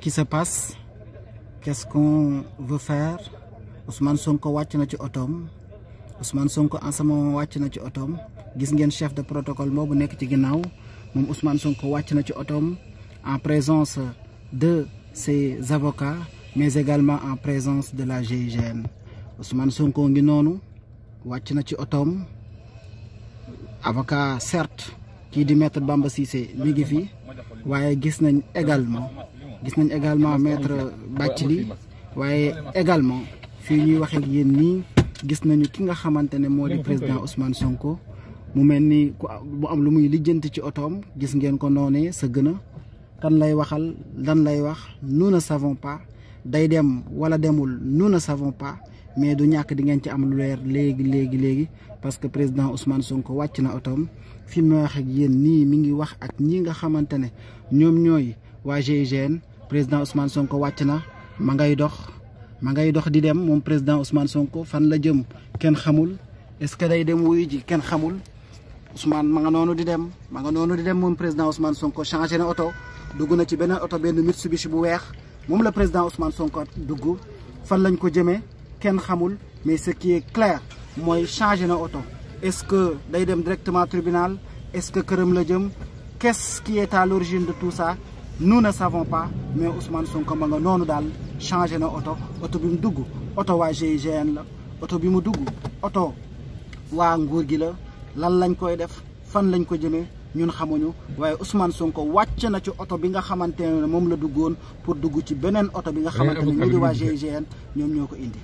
qu'est-ce qui se passe quest veut faire Ousmane Sonko wàcc na ci otoom Ousmane Sonko en ce moment wàcc na ci otoom gis ngeen chef de protocole boobu nekk ci ginnaaw moom Ousmane Sonko wàcc na ci otoom en présence de ses avocats mais également en présence de la GIGN Ousmane Sonko ngi noonu wàcc na ci otoom avocat certes kii di maître Bamba Cissé mi ngi fi waaye gis nañ également gis nañ également maître Bathily waaye également fi ñuy waxee ak yéen nii gis nañu ki nga xamante ne moo di président Ousmane Sonko mu mel ni ku bu am lu muy lijjanti ci otoom gis ngeen ko noone sa gën a lay waxal lan lay wax nous savon savons pas day dem wala demul nous savon savons pas mais du ñàkk di ngeen ci am lu leer léegi léegi léegi parce que président Ousmane Sonko wàcc na otoom fi mu wax ak yéen nii mi ngi wax ak ñi nga xamante ne ñoom ñooy waa GIGN président Ousmane Sonko wàcc na ma ngay dox ma ngay dox di dem moom président Ousmane Sonko fan la jëm kenn xamul est-ce que day dem wuyu ji kenn xamul Ousmane ma nga noonu di dem ma nga noonu di dem moom président Ousmane Sonko changé na oto dugg na ci benn oto benn Mitsubishi bu weex moom la président Ousmane Sonko dugg fan lañ ko jëmee kenn xamul mais ce ki est clair mooy changé na oto est-ce que day dem directement tribunal est-ce que këram la jëm quest ki qui est de tout ça nous ne savons pas mais Ousmane Sonko nga noonu daal changé na oto oto bi mu dugg oto waa GIGN la oto bi mu dugg oto waa nguur gi la lan lañ koy def fan lañ ko jëmee ñun xamuñu waaye usmaan Sonko wàcc na ci oto bi nga xamante ne moom la duggoon pour dugg ci beneen oto bi nga xamante ne ñu di waa GIGN ñoom ñoo ko indi.